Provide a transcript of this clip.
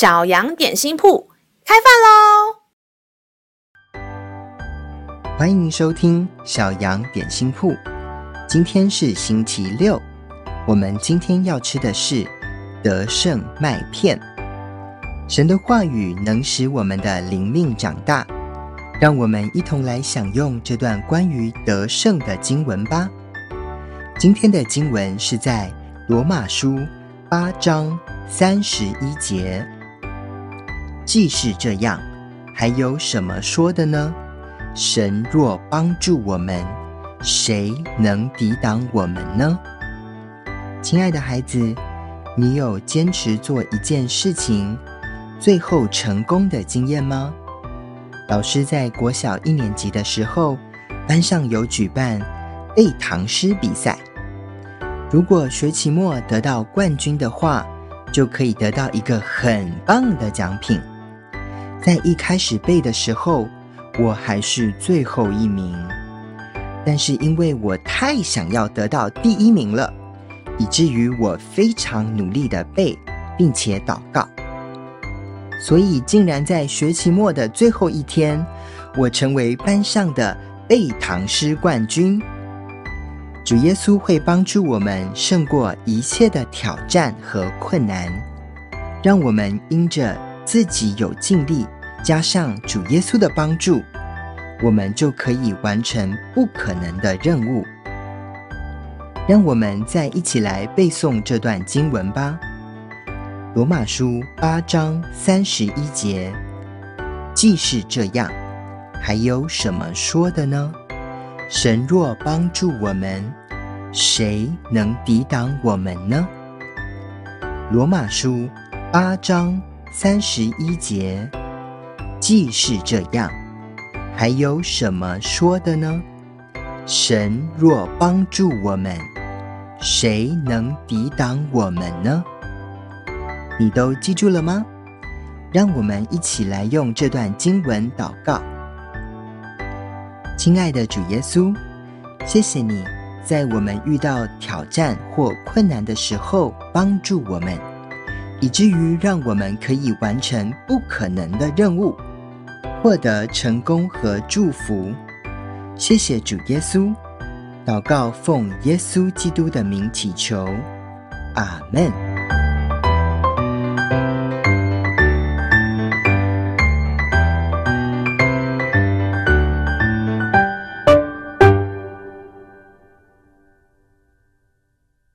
小羊點心鋪開飯嘍！歡迎收聽小羊點心鋪。今天是星期六，我們今天要吃的是德勝麥片。神的話語能使我們的靈命長大，讓我們一同來享用這段關於德勝的經文吧。今天的經文是在羅馬書八章三十一節。既是這樣，還有什麼說的呢？神若幫助我們，誰能抵擋我們呢？親愛的孩子，你有堅持做一件事情最後成功的經驗嗎？老師在國小一年級的時候，班上有舉辦背唐詩比賽，如果學期末得到冠軍的話，就可以得到一個很棒的獎品。在一開始背的時候，我還是最後一名。但是因為我太想要得到第一名了，以至於我非常努力地背，並且禱告，所以竟然在學期末的最後一天，我成為班上的背唐詩冠軍。主耶穌會幫助我們勝過一切的挑戰和困難，讓我們因着。自己有盡力，加上主耶穌的幫助，我們就可以完成不可能的任務。讓我們再一起來背誦這段經文吧，《羅馬書》八章三十一節。既是這樣，還有什麼說的呢？神若幫助我們，誰能抵擋我們呢？《羅馬書》八章。三十一節，既是這樣，還有什麼說的呢？神若幫助我們，誰能抵擋我們呢？你都記住了嗎？讓我們一起來用這段經文禱告。親愛的主耶穌，謝謝你在我們遇到挑戰或困難的時候幫助我們。以至於讓我們可以完成不可能的任務，獲得成功和祝福。謝謝主耶穌，禱告奉耶穌基督的名祈求，阿門。